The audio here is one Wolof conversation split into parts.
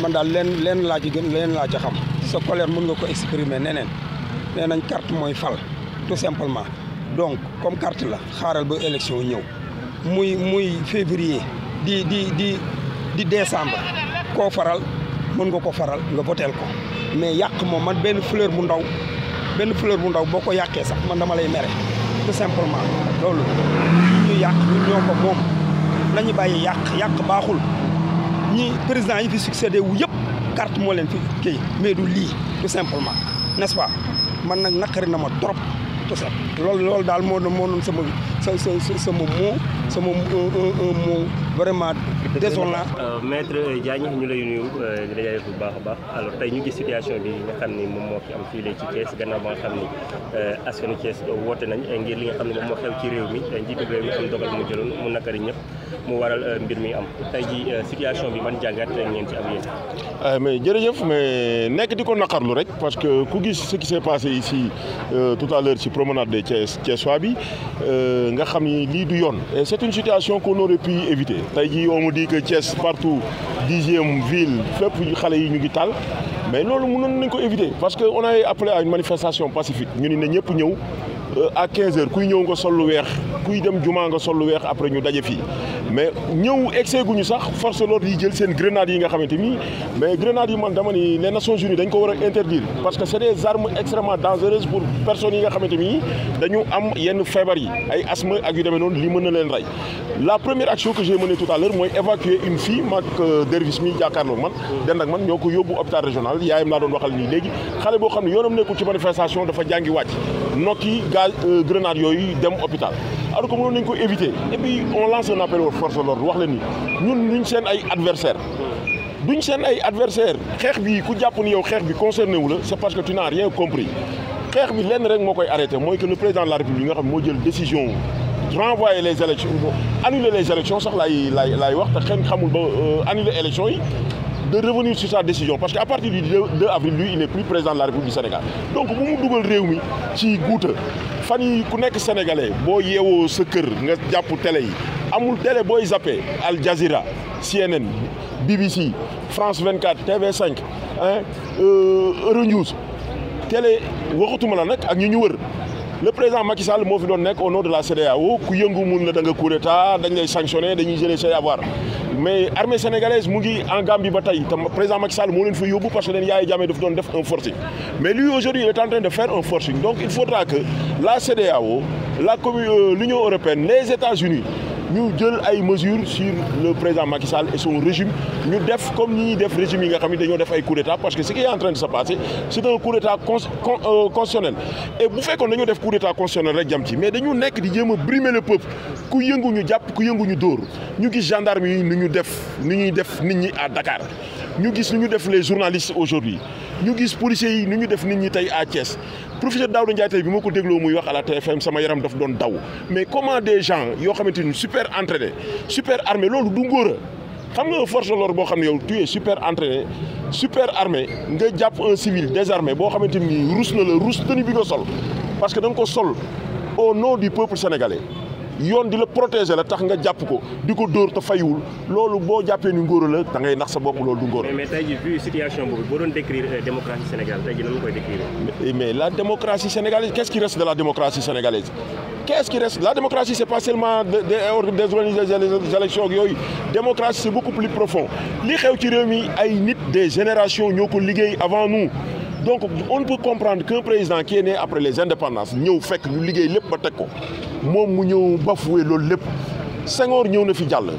man dal len len la ci gën len la ci xam sa colère mën nga ko exprimer nenen nenañ carte moy fal tout simplement donc comme carte la xaaral ba élection ñew muy muy février di di di di décembre ko faral mën nga ko faral nga voteel ko mais yak moom man ben fleur bu ndaw ben fleur bu ndaw boko yaké sax man dama lay méré tout simplement lolu ñu yak ñun ñoo ko moom nañu yak yàq yàq baaxul ñi président yi fi succédé wu yëpp carte moo leen fi kii mais du lii tout simplement n'est-ce pas man nag naqari na ma trop tout ça loolu loolu daal moo moo doon sama sa sa sama mot sama mot vraiment désolant euh, maître Diagne ñu lay nuyu euh, di la jaajëf baax a baax alors tey ñu gis situation bi nga xam ni moom moo fi am fii ci Thiès gannaaw ba nga xam ni euh, askanu Thiès woote nañ ngir li nga xam ne moom moo xew ci réew mi njiitu réew mi am dogal mu jëloon mu naqari ñëpp mu waral euh, mbir mi am tay ji euh, situation bi man jàngat ngeen ci am yéen. Euh, mais jërëjëf mais nek diko nakarlu rek parce que ku gis ce qui s'est passé ici tout à l'heure ci promenade de Thiès Thiessois bi nga xam ni lii du yoon. c'est une situation qu'on aurait pu éviter tay ji on me dit que Thiès partout 10e ville fépp xalé yi ñu ngi tal mais lolu mënoon nañ ko éviter parce que on a appelé à une manifestation pacifique ñu ni ñepp ñew à 15 h kuy ñew nga sollu wéx kuy dem jumaa nga sollu wéx après ñu dajé fi mais ñëw excès guñu sax force l'ordre yi jël sen grenades yi nga xamanteni mais grenades yi man dama ni les Nations Unies dañ ko wara interdire parce que c'est des armes extrêmement dangereuses pour personne yi nga xamanteni dañu am yenn fièvre yi ay asthme ak yu demee non li mëna leen ray la première action que j'ai menée tout à l'heure moy évacuer une fille mak euh, dervis mi jàkkaarloo man den ak man ñoko ko hôpital régional yaayam la doon waxal ni légui xalé bo xamni yoonam nekku ci manifestation dafa jangi wacc nokki gaz euh, grenade yoyu dem hôpital alors que on nañu éviter et puis on lance un appel aux forces de l'ordre wax la ni ñun duñ seen ay adversaires. duñ seen ay Le xeex bi ku jàpp ni yow concerné c'est parce que tu n'as rien compris xeex bi lenn rek moo koy arrêté que le président de la république nga xam moo jël décision renvoyer les élections annuler les élections sax ce laay laay wax te xen xamul ba euh, élections de revenir sur sa décision parce qu'à partir du 2 avril lui il n'est plus président de la République du Sénégal donc pour mu dugal réew si ci Fanny connaît yi sénégalais boo yeewoo sa télé yi amul télé booy Al Jazeera CNN BBC France 24 TV5 hein euh, Euronews télé waxatuma la nag ak ñu ñu le président Macky Sall au nom de la CDAO, qui est mun la da nga coup d'état dañ lay sanctionné dañuy mais l'armée sénégalaise est en Gambie bataille. Le président Macky Sall moo fait fa parce que a un forcing mais lui aujourd'hui il est en train de faire un forcing donc il faudra que la CDAO, euh, l'Union européenne les États-Unis nous avons des mesures sur le président Macky Sall et son régime Nous def comme nous régimes def régime yi nga xam ne d'état parce que ce qui est en train de se passer c'est un coup d'état euh, constitutionnel et bu qu'on ait def coup d'état constitutionnel rek mais nous nekk brimer le peuple Nous avons ñu jàpp ku yëngu ñu nous ñu gis gendarme nous ñu def à Dakar nous gis ni ñu les journalistes aujourd'hui avons des policiers nous ñu def nit à Thiès professeur Daoud Ndiaye bi muy à la TFM mais comment des gens yo xamanteni super entraînés, super armé lolou du ngora xam nga force de l'ordre tu super entraîné super armé nga un civil désarmé bo russe na sol parce que dang sol au nom du peuple sénégalais yoon di le protéger la tax nga japp ko diko le ta fayoul lolou bo jappé ni ngóor la da ngay nax sa bop lolou du de mais mais vu situation bobu bo don décrire euh, démocratie sénégalaise tay décrire. mais la démocratie sénégalaise qu'est-ce qui reste de la démocratie sénégalaise. qu'est-ce qui reste La démocratie, ce n'est pas seulement des de, des élections. La démocratie, c'est beaucoup plus profond. Les des générations avant nous. Donc, on peut comprendre qu'un président qui est né après les indépendances, nous fait que nous liguons les moom mu ñëw bafoué loolu lépp Senghor ñëw na fi jall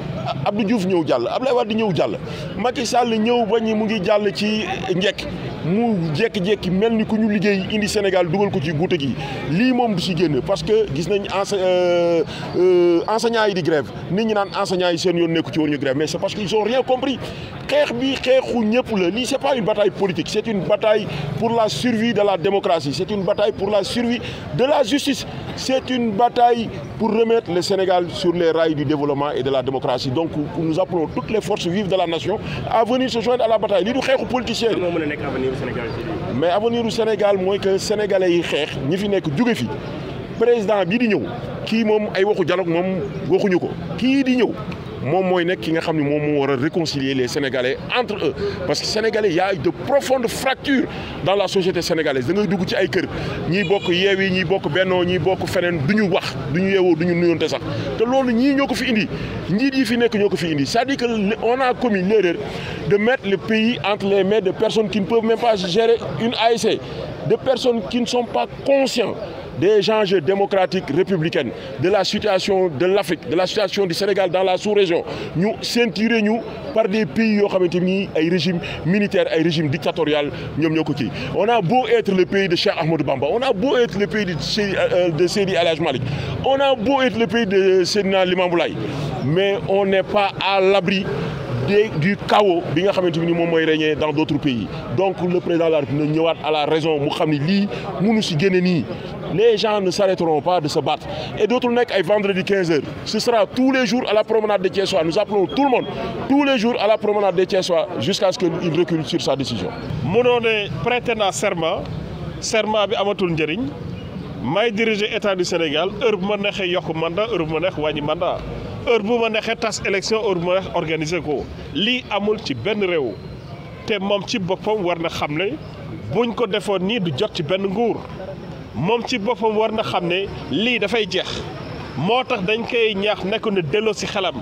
Abdou Diouf ñëw jall Abdoulaye Wade ñëw jall Macky Sall ñëw ba ñi mu ngi jall ci njekk mu jékki-jékki melni ku ñu liggéey indi Sénégal duggal ko ci goute gi li mom du ci génn parce que gis nañ euh, euh, enseignants yi di grève nit ñi naan enseignants yi seen yoon nekku ci woon ñu grève mais c'est parce qu'ils ont rien compris xeex bi xeexu ñepp la lii c'est pas une bataille politique c'est une bataille pour la survie de la démocratie c'est une bataille pour la survie de la justice c'est une bataille pour remettre le Sénégal sur les rails du développement et de la démocratie. Donc nous appelons toutes les forces vives de la nation à venir se joindre à la bataille. Nous du venir au mais avenir au Sénégal moins que sénégalais yi xeex ñi fi fi président bi di ñëw a dialogue mon mooy nekk ki nga réconcilier les sénégalais entre eux parce que sénégalais il y a de profondes fractures dans la société sénégalaise da ngay dugg ci ay kër ñiy gens, yeewi ont bokk bennoo ñiy bokk des du ñu wax du ñu yeewoo du ñu nuyoonte sax te loolu ñii ñoo ko fi indi njiit yi fi des ñoo fi indi c'est-à-dire que on a commis l'erreur de mettre le pays entre les mains de personnes qui ne peuvent même pas gérer une ASC de personnes qui ne sont pas conscients des enjeux démocratiques républicains, de la situation de l'Afrique, de la situation du Sénégal dans la sous-région, nous ceinturons nous par des pays qui ont un régime militaire, un régime dictatorial. On a beau être le pays de Cheikh Ahmed Bamba, on a beau être le pays de, Sidi euh, Alaj on a beau être le pays de Sénat Limamboulaye, mais on n'est pas à l'abri du chaos qui a été ni dans d'autres pays donc le président de la République la raison mu a Li, les gens ne s'arrêteront pas de se battre. Et d'autres nec vendredi 15h. Ce sera tous les jours à la promenade de Thiessois. Nous appelons tout le monde, tous les jours à la promenade de Thiessois, jusqu'à ce qu'il recule sur sa décision. Mon nom est prêté à serment. Serment à Amatoul Ndjering. Je diriger état du Sénégal heure bu ma neexee yokk mandat heure bu ma neex wàññi mandat heure bu ma neexee tas élection heure bu ma organiser ko li amul ci ben rew té mom ci bopam warna xam buñ ko defoon ni du jot ci ben nguur. moom ci boppam war na xam ne lii dafay jeex moo tax dañ koy ñaax nekk na delloo si xelam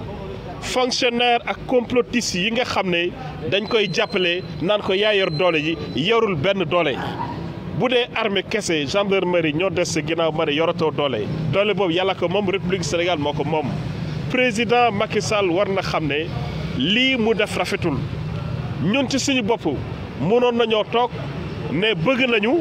fonctionnaire ak complotiste yi nga xam ne dañ koy jàppale naan ko yaa yor doole yi yorul benn doole bu dee armée kese gendarmerie ñoo des si ginnaaw mari yoratoo doole doole boobu yàlla ko moom république Sénégal moo ko moom président Macky Sall war na xam ne lii mu def rafetul ñun ci suñu bopp mënoon nañoo toog ne bëgg nañu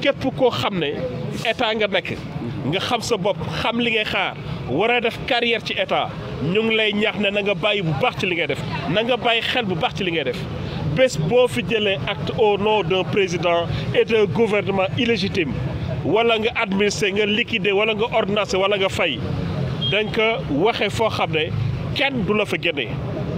képp koo xam ne état nga nekk nga xam sa bopp xam li ngay xaar war a def carrière ci état ñu ngi lay ñaax ne na nga bàyyi bu baax ci li ngay def na nga bàyyi xel bu baax ci li ngay def bés boo fi jëlee acte o nom d'un président et d'un gouvernement illégitime wala nga administré nga liquidé wala nga ordonnancé wala nga fay dañ ko waxee foo xam ne kenn du la fa génne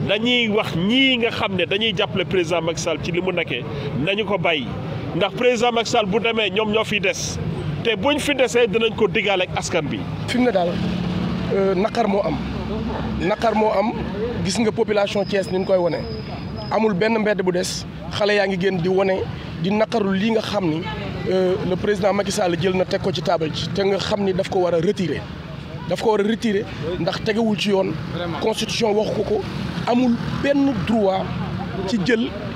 dañuy wax ñii nga xam ne dañuy jàppale président Macky Sall ci li mu nekkee nañu ko bàyyi. ndax président Macky bu demee ñoom ñoo fi des te buñ fi desee dinañ ko diggaale askan bi. fi mu ne daal euh, naqar moo am naqar moo am gis nga population Thiès ni koy wane amul benn mbedd bu des xale yaa ngi génn di wane di naqarul lii nga xam ni euh, la président Macky Sall jël na teg ko ci taabal ji te nga xam ni daf ko war a retirer. daf ko war a retirer ndax tegewul ci yoon constitution waxu ko ko amul benn droit ci jël.